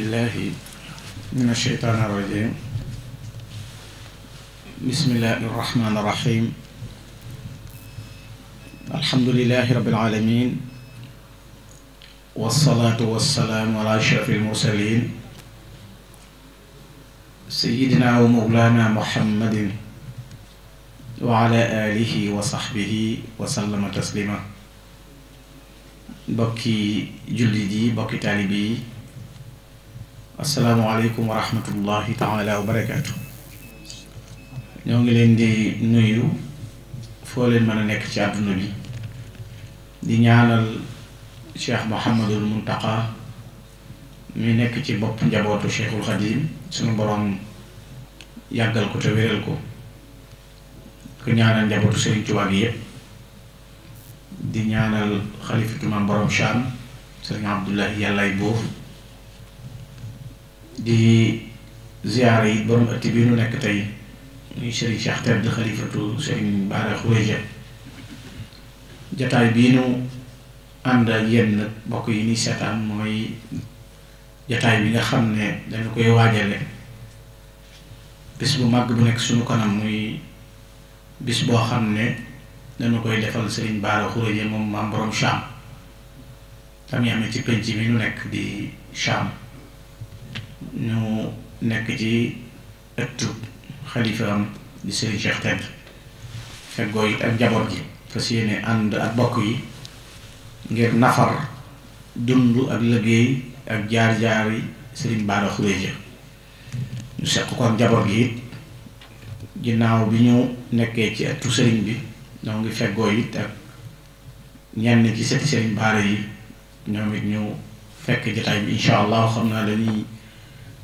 بالله من الشيطان الرجيم بسم الله الرحمن الرحيم الحمد لله رب العالمين والصلاة والسلام على أشرف المرسلين سيدنا ومولانا محمد وعلى آله وصحبه وسلم تسليما bokki jullit yi bokki taalib yi asalaamualeykum wa rahmatullahi taala wa barakaatu ñoo ngi leen di nuyu foo leen mën a nekk ci àdduna bi di ñaanal cheikh mohamadul muntaqa mi nekk ci bopp njabootu cheikhul xadim suñu boroom yàggal ko te wéral ko ku ñaanal njabootu sëriñ Tuubaa gi yépp di ñaanal xalifatu maam borom Cham sëriñ Abdullahi yàllaay boobu di ziyaara yi borom ëtt bi nu nekk tey muy sëriñ Cheikh Tedd xalifatu sëriñ Baara Xureja jataay bii nu ànd ak yéen nag mbokk yi ni seetaan mooy jataay bi nga xam ne dañu koy waajale bis bu màgg bu nekk suñu kanam muy bis boo xam ne dañu koy defal sëriñ Baara Xureja moom maam borom Cham tam amee ci penc bi nu nekk di Cham ñu nekk ci ëttu xalifaam di sëriñ Cheikh Tend feggoo it ak njaboot gi fas yéene ànd ak bokk yi ngir nafar dund ak liggéey ak jaar-jaar yi sëriñ Bara Khourédia ñu seq ko ak njaboot gi ginnaaw bi ñu nekkee ci ëttu sëriñ bi ñoo ngi feggoo it ak ñenn ci sëti sëriñ Bara yi ñoom it ñu fekk jotaay bi incha allah xam naa dañuy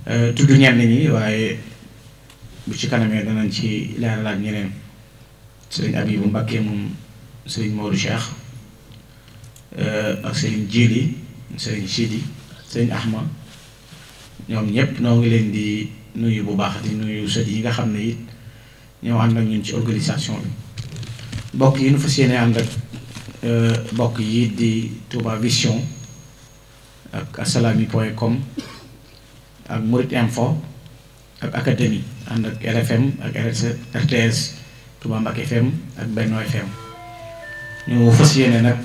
Euh, tudd ñenn ñi waaye bu ci kanamee danañ ci leeralaat ñeneen sëriñ Abibu Mbàkke moom sëriñ Modou Cheikh euh, ak sëriñ Jili sëriñ Sidi sëriñ Ahma ñoom ñëpp noo ngi leen di nuyu bu baax di nuyu sët yi nga xam ne it ñoo ànd ak ñun ci organisation bi bokk yi nu fas yéene ànd ak euh, bokk yi di Touba Vision ak asalaami point ak Murit Info ak académie ànd ak RFM ak RTS Touba Mbacké FM ak Benno FM ñu fas yéene nag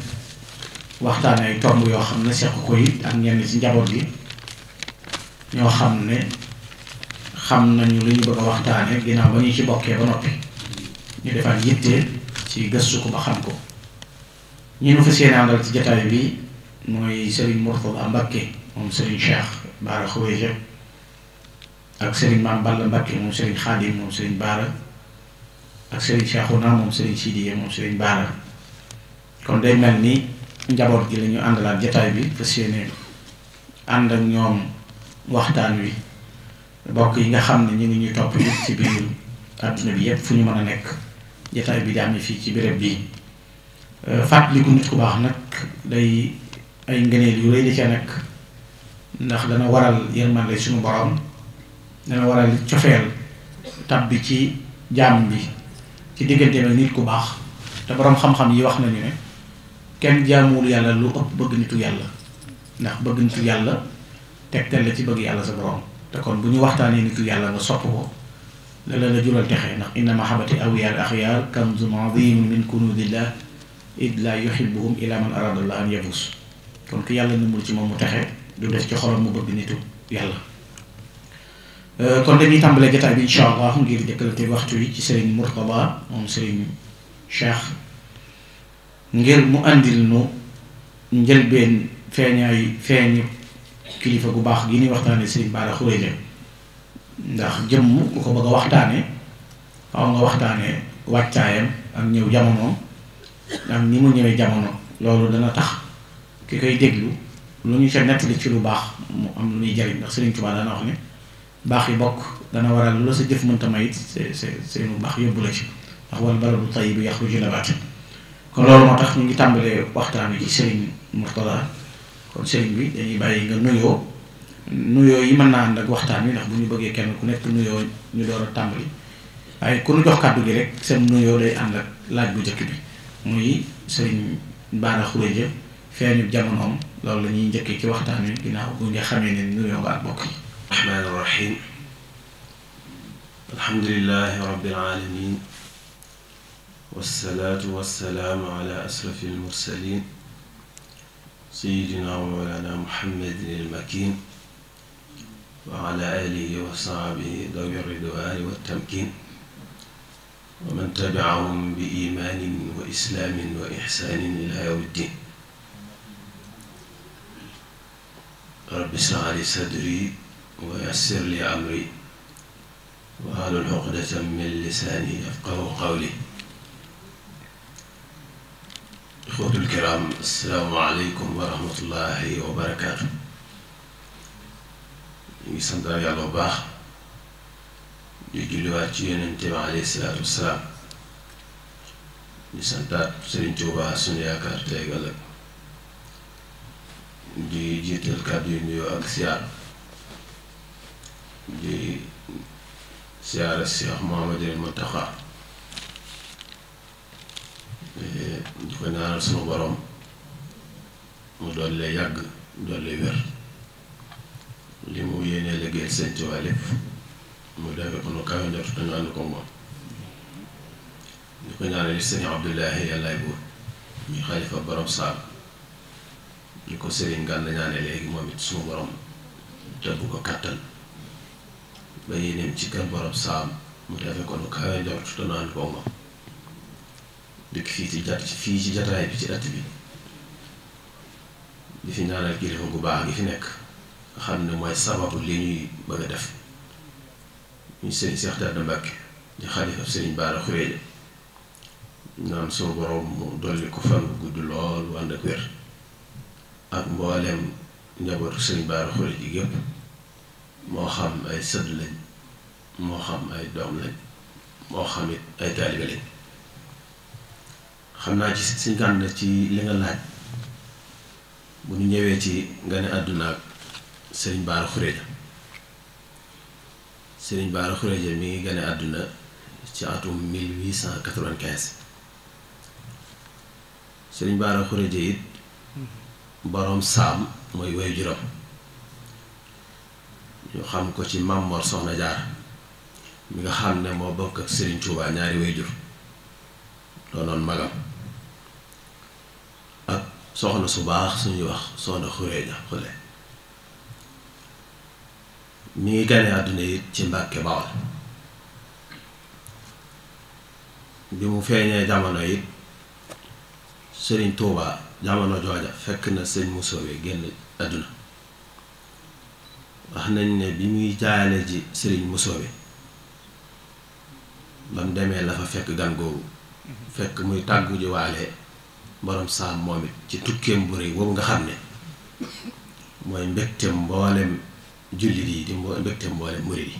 waxtaan ay tomb yoo xam ne seq koy ak ñenn ci njaboot gi ñoo xam ne xam nañu lu ñu bëgg a ginnaaw ba ñu ci bokkee ba noppi ñu defaat yitte ci gëstu ko ba xam ko ñu nu fas yéene àndal ci jataay bi mooy Serigne Mourtada Mbacké moom Serigne Cheikh Bara Khourédia ak Serigne Mame Balla Mbacke moom Serigne Khadim moom Serigne Baara ak Serigne Cheikhouna moom Serigne Sidiye moom Serigne Baara kon day mel ni njaboot gi lañu ñu àndalaat jataay bi fas yéene ànd ak ñoom waxtaan wi bokk yi nga xam ne ñu ngi ñuy topp yëpp ci biir adduna bi yëpp fu ñu mën a nekk jataay bi daam fii ci béréb bii euh, fàttaliku nit ku baax nag day ay ngëneel yu rëy di ca nekk ndax dana waral yërmande suñu borom. dana waral cofeel tab bi ci jaam bi ci diggante bi nit ku baax te boroom xam-xam yi wax nañu ne kenn jaamuwul yàlla lu ëpp bëgg nitu yàlla ndax bëgg nitu yàlla tegtal la ci bëgg yàlla sa borom te kon bu ñu waxtaanee nitu yàlla nga sopp ko la la la jural texe ndax inna mahabbati awliyaa al axyaar kanzun aziim min kunuuzillah id la yuhibbuhum ila man aradallah am yabus kon ki yàlla nummul ci moom mu texe du def ci xolam mu bëgg nitu yàlla Euh, kon dañuy tàmbalee jotaay bi incha allah ngir jëkkalante waxtu wi ci sëriñ Mourtada moom sëriñ Cheikh ngir mu andil nu njëlbeen feeñaay feeñu kilifa gu baax gi ñuy waxtaane sëriñ Bara Khourédia ndax jëmm ku ko bëgg a waxtaane xaw nga waxtaane wàccaayam ak ñëw jamono ak ni mu ñëwee jamono loolu dana tax ki koy déglu lu ñu ca nettali ci lu baax mu am lu ñuy jariñ ndax sëriñ Tuubaa dana wax ne baax yi bokk dana waral la sa jëf mënta may it see see seenu baax yóbbu la ci ndax wal baladu tayyibu kon loolu moo tax ñu ngi tàmbalee waxtaan ci Serigne Mourtada kon Serigne bi dañuy bàyyi nga nuyoo nuyoo yi mën naa ak waxtaan wi ndax bu ñu bëggee kenn ku nekk nuyoo ñu door a tàmbali waaye ku nu jox kàddu gi rek seen nuyoo day ànd ak laaj bu njëkk bi muy Serigne Bara Khourédia feeñu jamonoom loolu la ñuy njëkkee ci waxtaan wi ginnaaw bu nga xamee ne nuyoo nga ak bokk yi. الرحمن الرحيم الحمد لله رب العالمين والصلاة والسلام على أسرف المرسلين سيدنا ومولانا محمد المكين وعلى آله وصحبه ذوي الرضوان والتمكين ومن تبعهم بإيمان وإسلام وإحسان إلى يوم الدين رب اشرح لي صدري wa yassir li amri wahlul uqdatan min lisaani yafqahu qawli ixwatul kiram assalaamu aleykum wa rahmatullahi wa barakaatu ñu ngi sant yàlla bu baax di julliwaat ci yonente bi aleyhi salaatu wassalaam di santaat Sëriñ Tuubaa sunu yaakaar tey ëllëg di jiital kàddu yu nuyoo ak siyaar di siyaare Cheikh Mouhamadul Mountakha di ko ñaanal sunu borom mu dolli yàgg dolli wér li mu yéenee liggéey seen ci waa lépp mu defee ko nu kawe njort te ànd ko moom di ko ñaanal it sëñ Abdoulahi yàllaay buur muy xalifa borom saam di ko sëriñ Gànn ñaane léegi moom it sunu borom te ko kàttan ba yéeneem ci kër borom saam mu defe ko lu njort te nu ànd ko moom dëkk fii ci jat fii ci jataay bi ci att bi di fi ñaanal kilifa gu baax gi fi nekk nga xam ne mooy sababu li ñuy bëgg a def ñu sëriñ Seex Tàdda Mbàkke di xalifa sëriñ Baara Xureeja naan sunu borom mu dolli ko fan gudd lool ànd ak wér ak mbooleem njabootu sëriñ Baara Xureeja gi yépp moo xam ay sët lañ moo xam ay doom lañ moo xam it ay taalibe lañ xam naa ci suñ gànd ci li nga laaj bu ñu ñëwee ci nga ne àdduna ak sëriñ Baara Xureja sëriñ Baara Xureja mi ngi gane àdduna ci atum 1895 sëriñ Baara Xureja it hmm. boroom saam mooy woyu juróom ñu xam ko ci Mame Soxna jaar mi nga xam ne moo bokk ak Serigne Touba ñaari wayjur doonoon magam ak soxna su baax suñuy wax soxna xureeja xule mi ngi gane àdduna it ci Mbàkke Bawol bi mu feeñee jamono it sëriñ Touba jamono jooja fekk na sëñ Muso bi génn àdduna wax nañ ne bi muy jaale ji sëriñ Musoobe ba demee la fa fekk gan googu fekk muy tàggu ji waale borom saam moom it ci tukkeem bu rëy boobu nga xam ne mooy mbégteem mboolem jullit yi di mbégteem mboolem murit yi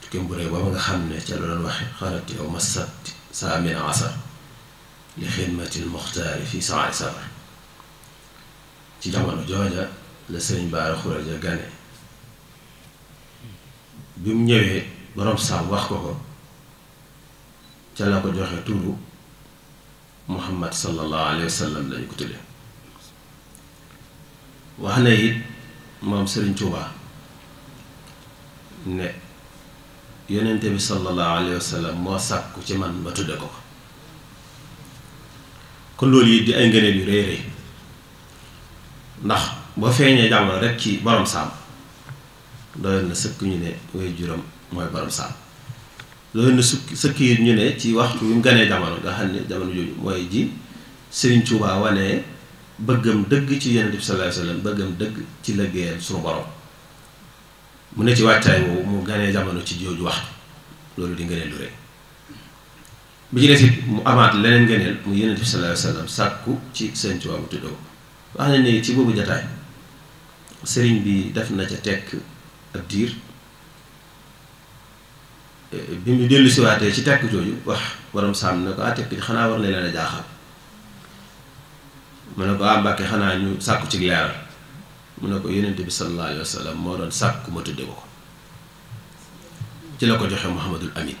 tukkeem bu rëy boobu nga xam ne ca la doon waxe xarat yow masat saa min asar li xidmatil muxtaari fii saari safar ci jamono jooja la sëriñ Bara Khourédia gane bi mu ñëwee borom saam wax ko ko ca la ko joxe turu muhammad sallallahu alayhi wa sallam lañu ko tudde wax ne it moom sëriñ Tuubaa ne yonente bi sallallahu alayhi wa sallam moo sàkku ci man ma tudde ko ko kon loolu it di ay ngëneel yu rëy rëy ndax ba feeñee jamono rek ci borom saam doyoon na sëkk ñu ne way juram mooy borom ñu ne ci waxtu wi mu ganee jamono nga xam ne jamono jooju mooy ji Serigne Touba wane bëggam dëgg ci Yonent bi sallallahu alayhi wasallam bëggam dëgg ci liggéeyal suñu borom mu ne ci wàccaay woowu mu ganee jamono ci jooju waxtu loolu di ngëneel lu rëy bi ci des mu amaat leneen ngëneel mu Yonent bi sallallahu alayhi wasallam sàkku ci Serigne Touba mu tuddoo wax nañ ne ci boobu jataay. sëriñ bi def na ca tekk ab diir eh, bi mu dellu siwaatee ci tekk jooju wax waram sàmm ne ko ah tekk di xanaa na leen mu ne ko ah, xanaa ñu sàkku ci leeral mu ne ko yonent bi sallallahu alayhi moo doon sàkku ma tudde ko ci la ko joxe Muhammadul Amin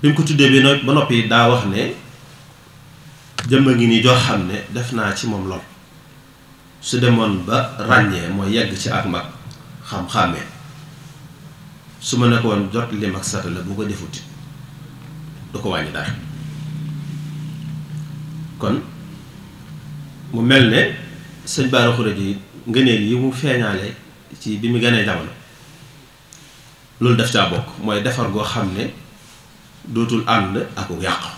bi mu ko tuddee bi ba noppi daa wax ne jëmm a ngi nii joo xam ne def naa ci moom lool su demoon ba ràññee mooy yegg ci ak mag xam-xàmmee su ma nekkoon jot lim ak sata la bu ko defuti du ko wàññi dara kon mu mel ne sëñ Bara Khourédia ngëneel yi mu feeñaale ci bi mu gënee jamono loolu daf caa bokk mooy defar goo xam ne dootul ànd ak yàqu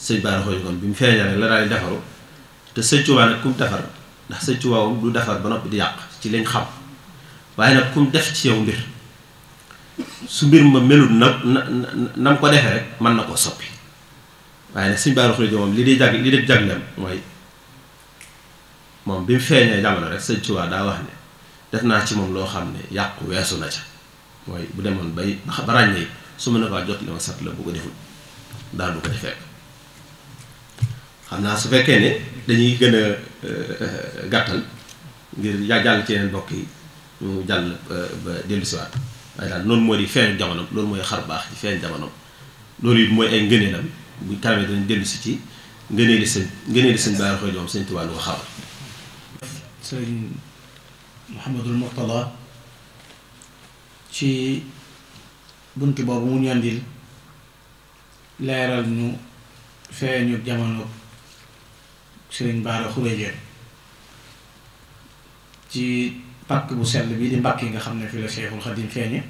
sëñ Bara Khourédia kon bi mu feeñaale la daal defaru te sëñ Tuubaa nag defar ndax sëñ waaw du defar ba noppi di yàq ci lañ xam waaye nag kum def ci yow mbir su mbir ma melut nag na na ko defee rek mën na koo soppi waaye nag sëñ Bara Khourédia moom di jag li di jagleem mooy moom bi mu feeñee jamono rek def naa ci moom loo xam ne yàq weesu na ca mooy bu demoon bay ba ràññee su ma ne ko jot li ma sat la bu ko deful daal du ko defee. xam naa su fekkee ne dañuy gën a euh, gàttal ngir yaa jàll ci yeneen mbokk yi mu jàll euh, ba dellusiwaat waaye daal noonu moo di feeñ jamono loolu mooy xar baax ci feeñ jamono loolu it mooy ay ngëneelam bu kanamee dinañ dellusi ci ngëneeli sëñ ngëneeli sëñ Bara Xëy Jom sëñ Tuubaa lu ko xamal. ci bunt boobu mu ñandil leeral ñu feeñu jamono. sëriñ Baara Xuréjeen ci pàkk bu sell bi di mbàkk yi nga xam ne fi la Seexul Xadim feeñe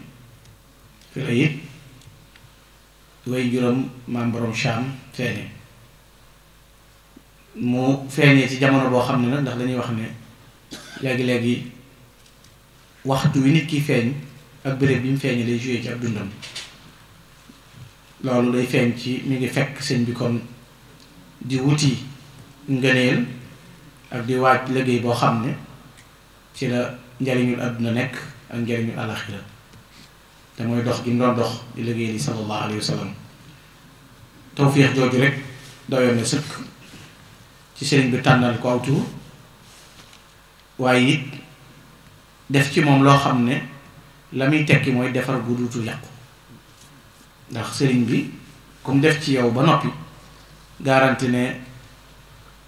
fi la it way juróom maam borom Cham feeñe mu feeñee ci jamono boo xam ne nag ndax dañuy wax ne léegi-léegi waxtu wi nit kiy feeñ ak bërëb bi mu feeñee lay joué ci ab loolu day feeñ ci mi ngi fekk seen bi kon di wuti ngëneel ak di waaj liggéey boo xam ne ci la njariñul àdduna nekk ak njariñul àlaxira te mooy dox gi mu dox di liggéey li sallallahu alayhi wa sallam tawfiix jooju rek doyoon na sëkk ci sëriñ bi tànnal ko aw tuur waaye it def ci moom loo xam ne la muy tekki mooy defar gu duutu yàqu ndax sëriñ bi comme def ci yow ba noppi garanti ne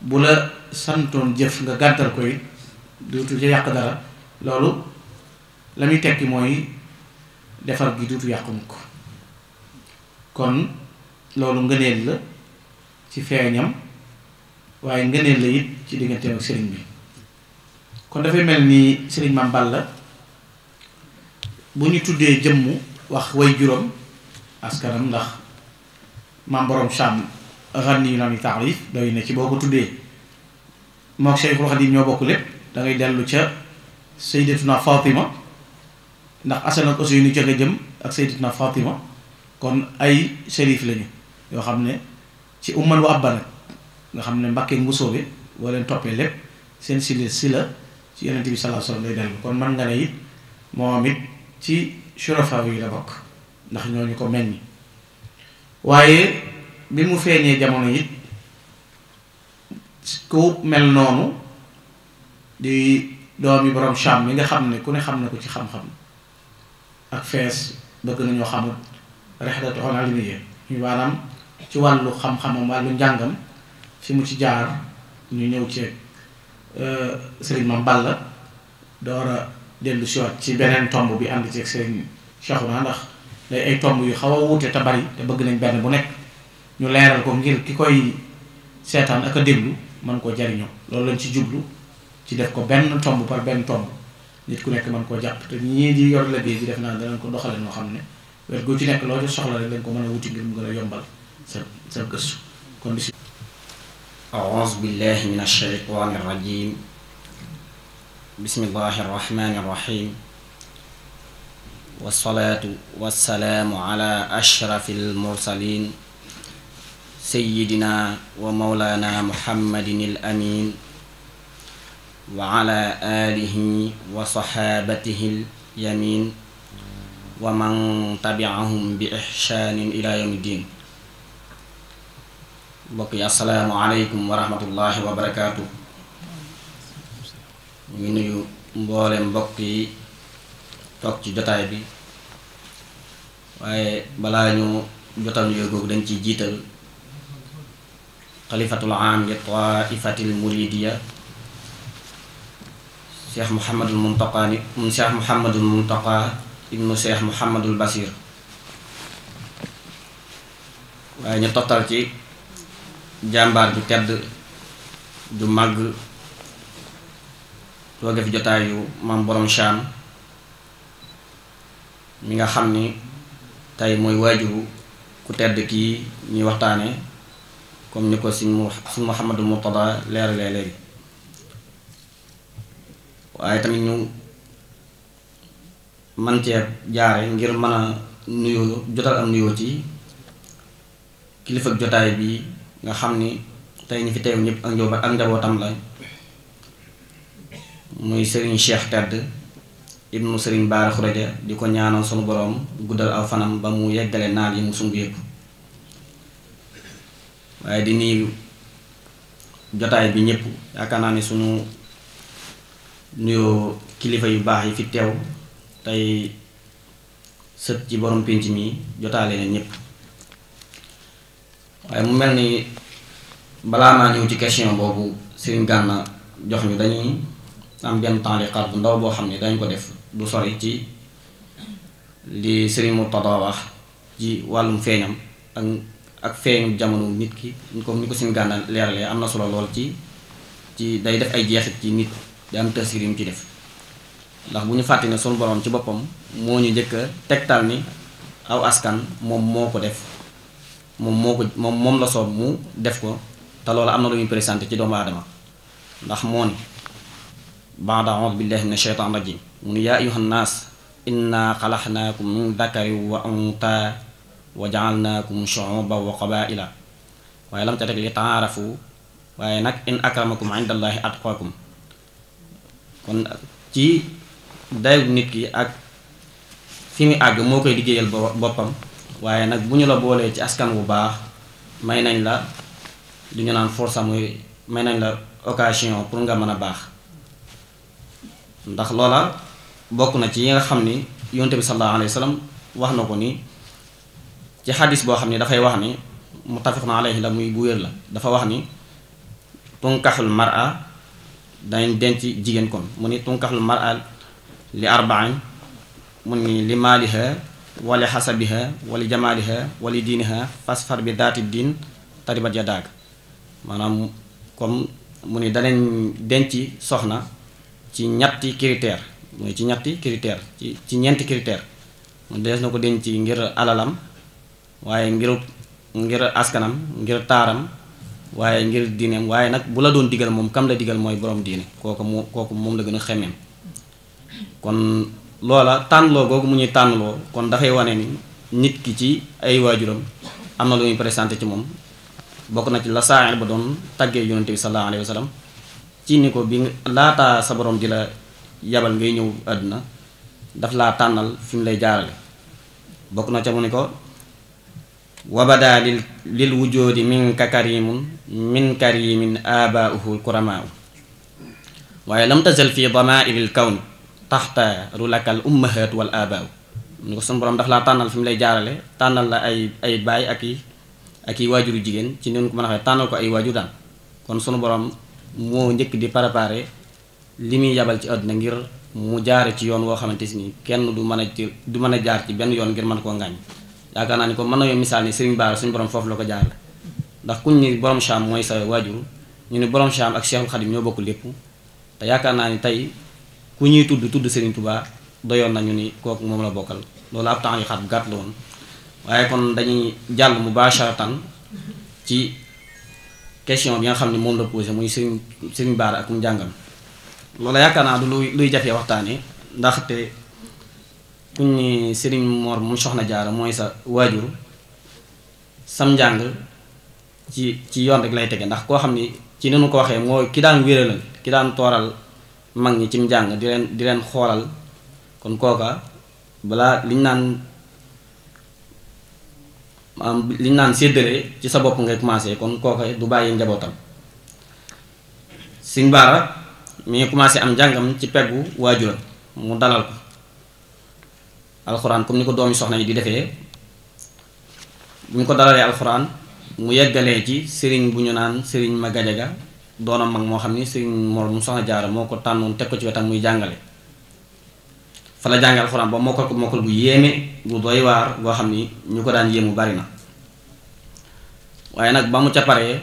bu la santoon jëf nga gàntal ko it duutu ca yàq dara loolu la muy tekki mooy defar gi duutu yàqu ko kon loolu ngëneel la ci feeñam waaye ngëneel la it ci digganteem ak sëriñ bi kon dafay mel ni sëriñ Mame la bu ñu tuddee jëmm wax way juróom askanam ndax maam borom sàmm ran yu naan yu taarif doy na ci boo ko tuddee moog Cheikhul Khadim ñoo bokk lépp da dellu ca Sayyidatuna Fatima ndax Asan ak Useynu ca nga jëm ak Sayyidatuna Fatima kon ay sharif lañu yoo xam ne ci umman wa abba nag nga xam ne Mbàkke Mbusoobe boo leen toppee lépp seen si sile si la ci Yonent bi sallallahu alayhi lay dellu kon man nga ne it moom it ci shurafa yi la bokk ndax ñooñu ko meññ waaye bi mu feeñee jamono it ku mel noonu di yi borom Cham mi nga xam ne ku ne xam ne ko ci xam-xam ak fees bëgg nañoo xamul rexdatu on alimiye ñu maanaam ci wàllu xam-xamam wàllu njàngam fi mu ci jaar ñu ñëw ci euh, sëriñ Mame Balla door a dellu siwaat ci beneen tomb bi ànd ceeg sëriñ Cheikhouna ndax day ay tomb yu xaw a wuute te bari te bëgg nañ benn bu nekk ñu leeral ko ngir ki koy seetaan ak a déglu man koo jariñoo loolu lañ ci jublu ci def ko benn tomb par benn tomb nit ku nekk mën koo jàpp te ñii di yor la bii di def naa danañ ko doxale noo xam ne wet gu ci nekk loo soxla rek dañ ko mën a wuti ngir mu gën a yombal sa sa gëstu kon bisi أعوذ بالله من الشيطان الرجيم بسم الله الرحمن الرحيم والصلاة والسلام على أشرف المرسلين sayyidina wa mawlaana muhammadin al amin wa ala wa saxaabatihi al wa man tabiahum bi ihsaanin ila yawmi ddin mbokk yi assalaamu wa rahmatullahi wa barakaatu ñu ngi nuyu mboole mbokk yi toog ci jotaay bi waaye balaa ñu jotal nuyoo googu dañ ciy jiital xalifatul am li taifatil muridiya cheikh muhammadul muntaqa ni cheikh muhammadul muntaqa ibnu cheikh muhammadul basir waaye ñu tottal ci jàmbaar ju tedd ju màgg tooge fi jotaayu maam borom Cham mi nga xam ni tey mooy waajuru ku tedd kii ñuy waxtaane comme ni ko si suñ Mouhamadou Mourtada leeralee léegi waaye tamit ñu man cee jaare ngir mën a nuyoo jotal am nuyoo ci kilifa jotaay bi nga xam ni tey ñi fi teew ñëpp ak njaboot njabootam la muy Serigne Cheikh Tedd ibnu sëriñ Bara Khourédia di ko ñaanal sunu borom guddal aw fanam ba mu yeggale naal yi mu sumb yëpp waaye di nuyu jotaay bi ñëpp yaakaar naa ne suñu nuyoo kilifa yu baax yi fi teew tey sët ci borom pénc mi jotaale na ñëpp waaye mu mel ni balaa naa ñëw ci question boobu Serigne jox ñu dañuy am benn temps li xar bu ndaw boo xam ne dañ ko def du sori ci li Serigne Mourtada wax ci wàllum feeñam ak. ak feeñu jamono nit ki ñu ko ñu ko seen gànna leeralee am na solo lool ci ci day def ay jeexit ci nit day am tasiir mu ci def ndax bu ñu fàtte ne sunu borom ci boppam moo ñu njëkk a tegtal ni aw askan moom moo ko def moom moo moom moom la soob mu def ko te loolu am na lu muy présenté ci doomu aadama ndax moo ni baada aoudu billahi min asheytan rajim mu ni yaa ayuha nnaas inna xalaxnaakum min dakari wa unta wa jaalnaakum shuuban wa qabaila waaye lam ca teg li taarafu waaye nag in akramakum indallahi atqaakum kon ci dayu nit ki ak fi muy àgg moo koy liggéeyal boppam waaye nag bu ñu la boolee ci askan bu baax may nañ la li naan force muy may nañ la occasion pour nga mën a baax ndax loola bokk na ci yi nga xam ni yonte bi sallallahu alayhi wa wax na ko ni ci xadis boo xam ne dafay wax ni muttafiqun alayhi la muy bu la dafa wax ni tunkaxul mar'a dañ denc jigéen kon mu ni tunkaxul mar'a li arba'in mu ni li maaliha wali xasabiha wali jamaaliha wali diiniha fasfar bi daati diin taribat ya daag maanaam comme mu ni danañ denc soxna ci ñetti critère mooy ci ñetti critère ci ci ñeenti critère mu dees na ko denc ngir alalam waaye ngir ngir askanam ngir taaram waaye ngir diineem waaye nag bu la doon digal moom kam la digal mooy borom diine kooku mu kooku moom la gën a xemeem kon loola tànnaloo googu mu ñuy tànnaloo kon dafay wane ni nit ki ci ay waajuram am na lu muy présenté ci moom bokk na ci la saa ba doon tàggee yonante bi sallallahu alayhi wa ci ni ko bi laata sa boroom di la yabal ngay ñëw àdduna daf laa tànnal fi lay jaarale bokk na ca mu ni ko wabadaa lil lil wujoodi minka karimun min karimin aabaauhu kuramaau waaye lam tazal fi damaa'iril kawni taxtaaru lakal ummahaat wal aabaau ñu ko suñu borom ndax laa tànnal fi mu lay jaarale tànnal la ay ay baay ak i ak i waajuru jigéen ci noonu ko mën a waxee tànnal ko ay waajur daan kon sunu boroom moo njëkk di préparer li muy yabal ci adduna ngir mu jaare ci yoon woo xamante ni kenn du mën a du mën a jaar ci benn yoon ngir mën koo ngaañ yaakaar naa ni ko mën nañoo misaal ni Serigne Bara suñu borom foofu la ko jaarale ndax kuñ ni borom Cham mooy sa waajur ñu ne borom Cham ak Cheikhul Khadim ñoo bokk lépp te yaakaar naa ni tey ku ñuy tudd tudd Serigne Touba doyoon nañu ni kooku moom la bokkal loolu ab temps yu xat bu gàtt la waaye kon dañuy jàll mubasharatan ci question bi nga xam ne moom la posé muy Serigne Serigne Bara ak mu jàngal loolu yaakaar naa du luy luy jafee waxtaanee ndaxte ku ñu ne Serigne Mor mu soxna jaara mooy sa waajur sam njàng ci ci yoon rek lay tege ndax koo xam ni ci ni nu ko waxee mooy ki daan wéralal ki daan tooral mag ñi ci njàng di leen di leen xoolal kon kooka balaa liñ naan maanaam liñ naan séddale ci sa bopp ngay commencé kon kooka du bàyyi njabootam Sëñ Baara mi ngi am njàngam ci peggu waajuram mu dalal ko alxuraan comme ni ko doomi soxna yi di defee bu ñu ko dalalee alxuraan mu yeggalee ci sëriñ bu ñu naan sëriñ ma gajaga doona mag moo xam ni sëriñ mor mu soxna jaara moo ko tànnoon teg ko ci wetam muy jàngale fa la jànge alxuraan ba mokkal bu yéeme bu doy waar boo xam ni ñu ko daan yéemu bari na waaye nag ba mu ca paree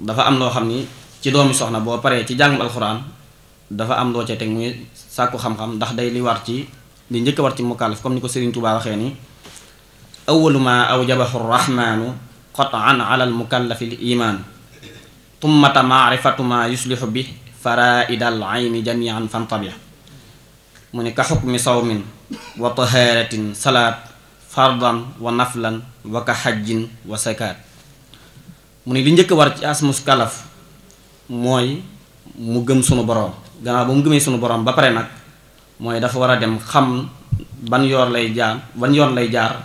dafa am loo xam ni ci doomi soxna boo paree ci jàngum alxuraan dafa am loo ca teg muy sàkku xam-xam ndax day li war ci li njëkk war ci mukallaf comme ni ko Serigne Touba waxee ni awalu ma awjabahu rahmaanu qatan ala al mukallafi l tummata maarifatu ma bi faraida al ayni jamian fantabia mu ne ka xukmi sawmin wa taharatin salaat fardan wa naflan wa ka wa sakaat mu ne li njëkk war ci asmus kalaf mooy mu gëm sunu borom gannaaw ba mu gëmee sunu borom ba pare nag mooy dafa war a dem xam ban yoon lay jaar ban yoon lay jaar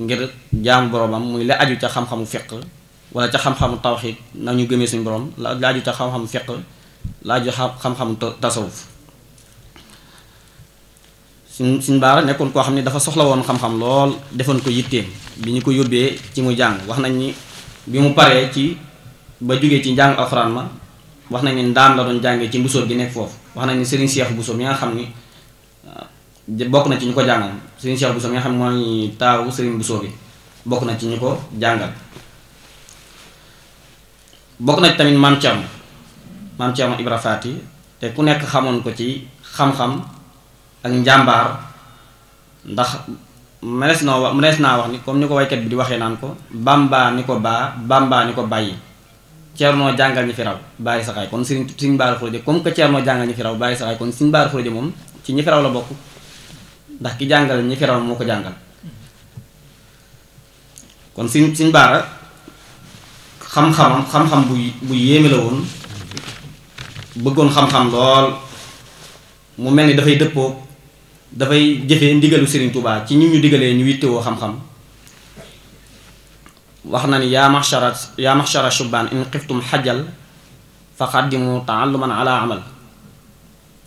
ngir jaamu boroomam muy la aju ca xam-xamu fiq wala ca xam-xamu tawxid na ñu gëmee suñu borom la aju ca xam-xamu fiq la aju xam-xamu tasawuf suñ suñ baara nekkoon koo xam ne dafa soxla woon xam-xam lool defoon ko yitteem bi ñu ko yóbbee ci mu jàng wax nañ ni bi mu paree ci ba jógee ci njàng alxuraan ma wax nañu ni la doon jàngee ci mbusóor bi nekk foofu wax nañ ni Serigne Cheikh Bousso nga xam ni bokk na ci ñu ko jàngal Serigne Cheikh Bousso mi nga xam ne mooy taawu Serigne Bousso bi bokk na ci ñu ko jàngal bokk na ci tamit maam Thiam maam Thiam Ibra Faati te ku nekk xamoon ko ci xam-xam ak njàmbaar ndax mënees noo wax mënees naa wax ni comme ni ko waykat bi di waxee naan ko bàmbaa ni ko baa bàmbaa ni ko bàyyi ceernoo jàngal ñi fi raw bàyyi saxaay kon Serigne Serigne Bara Khourédia comme que ceernoo jàngal ñi fi bàyyi saxaay kon Serigne Bara Khourédia moom ci ñi fi la bokk ndax ki jàngal ñi fi moo ko jàngal kon siñ siñ baara xam-xamam xam-xam bu bu yéeme la woon bëggoon xam-xam lool mu mel ni dafay dëppoo dafay jëfee ndigalu Serigne Touba ci ñu ñu digalee ñu yittewoo xam-xam wax na ni yaa maxshara yaa maxshara shubaan in xiftum xajal fa xaddimu taalluman ala amal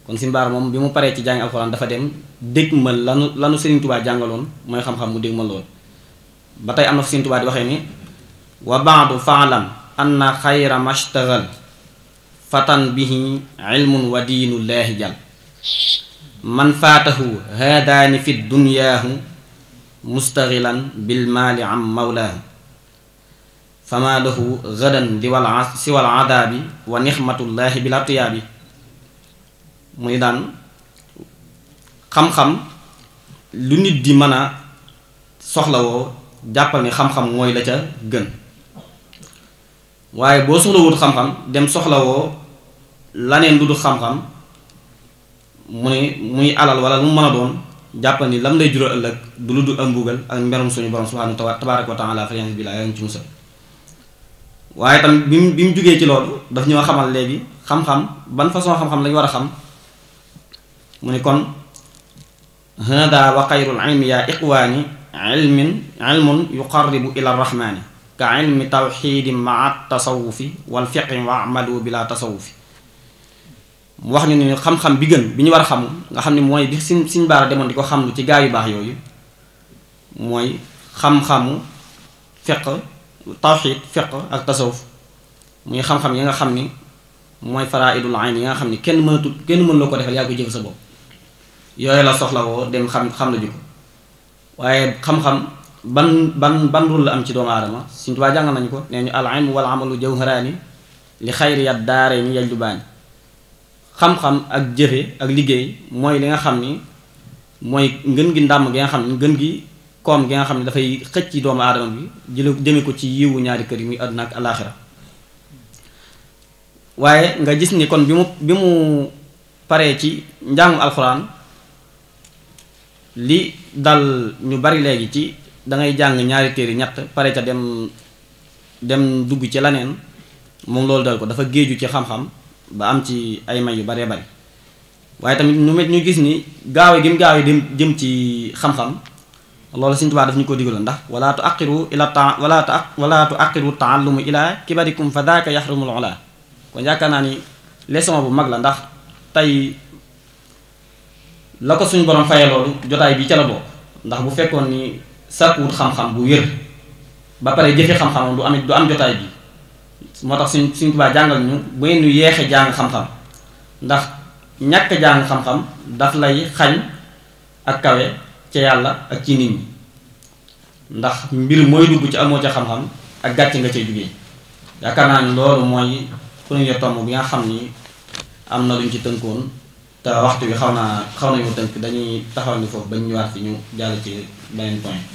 kon Sëñ Baara moom bi mu paree ci jàng alxuraan dafa dem dégg ma lanu lanu Sëriñ jàngaloon mooy xam-xam mu dégg ma ba tey am na fu Sëriñ Tubaa di waxee ni wa baadu faalam anna xayra man faatahu haadaani fi dunyaahu mustaxilan bil maali am mawlaahu fama lahu gadan diwal siwal adaabi wa nixmatullaahi bila tuyaabi muy daan xam-xam lu nit di mën a soxlawoo jàppal ni xam-xam mooy la ca gën waaye boo soxlawut xam-xam dem soxlawoo laneen lu dul xam-xam mu ne muy alal wala lu mu mën a doon jàppal ni lam lay jural ëllëg du lu dul am mbugal ak mberum suñu borom subhanahu tabaraka wa taala farian bi laa yaa ngi ci musal waaye tamit bi mu bi mu jugee ci loolu daf ñoo xamal léegi xam-xam ban façon xam-xam lañ war a xam mu ni kon hada wa xayrul ilmi yaa iqwaani ilmin ilmun yuqarribu ila ka ilmi tawxiidi maa tasawufi wal fiqi wa amadu bila tasawufi mu wax ñu ni xam-xam bi gën bi ñu war a xamu nga xam ne mooy bi siñ siñ demoon di ko xam lu ci gaa yu baax yooyu mooy xam-xamu fiq tawxiid fiq ak tasawuf muy xam-xam yi nga xam ni mooy faraidul ayn yi nga xam ni kenn mënatul kenn mën loo ko defal yaa ko jëf sa bopp yooyu la soxlawoo dem xam xam la ju ko waaye xam-xam ban ban ban rul la am ci doomu aadama Sëriñ Tuubaa jàngal nañu ko nee ñu al ilmu wal amalu jawharaani li xayri yat daare ni yajlubaani xam-xam ak jëfe ak liggéey mooy li nga xam ni mooy ngën gi ndàmm gi nga xam ni ngën gi koom gi nga xam ne dafay xëcc doomu aadama bi jële jëme ko ci yiwu ñaari kër yi muy àdduna ak alaaxira waaye nga gis ni kon bi mu bi mu paree ci njàngu alxuraan li dal ñu bari léegi ci da ngay jàng ñaari téere ñett pare ca dem dem dugg ci laneen moom loolu dal ko dafa géeju ci xam-xam ba am ci ay may yu baree bari waaye tamit ñu met ñu gis ni gaaw gaawe gaaw yi dem jëm ci xam-xam loolu Sëriñ Tuubaa daf ñu ko digaloon ndax wala tu aqiru ila ta wala tu wala tu aqiru taallumu ila kibarikum fa daaka yaxrumul ola kon yaakaar naa ni leçon bu mag la ndax tey la ko suñu borom faye loolu jotaay bi ca la bokk ndax bu fekkoon ni sàkkuwut xam-xam bu wér ba pare jëfe xam-xam du am du am jotaay bi moo tax suñ suñ Tuubaa jàngal ñu bu ngeen ñu yeexe jàng xam-xam ndax ñàkk jàng xam-xam daf lay xañ ak kawe ca yàlla ak ci nit ñi ndax mbir mooy dugg ci amoo ca xam-xam ak gàcce nga cay jugee yaakaar naa ni loolu mooy premier tomb bi nga xam ni am na luñ ci tënkoon te waxtu bi xaw naa xaw nañu tënk dañuy taxaw ni foofu bañ ñëwaat fi ñu jàll ci beneen point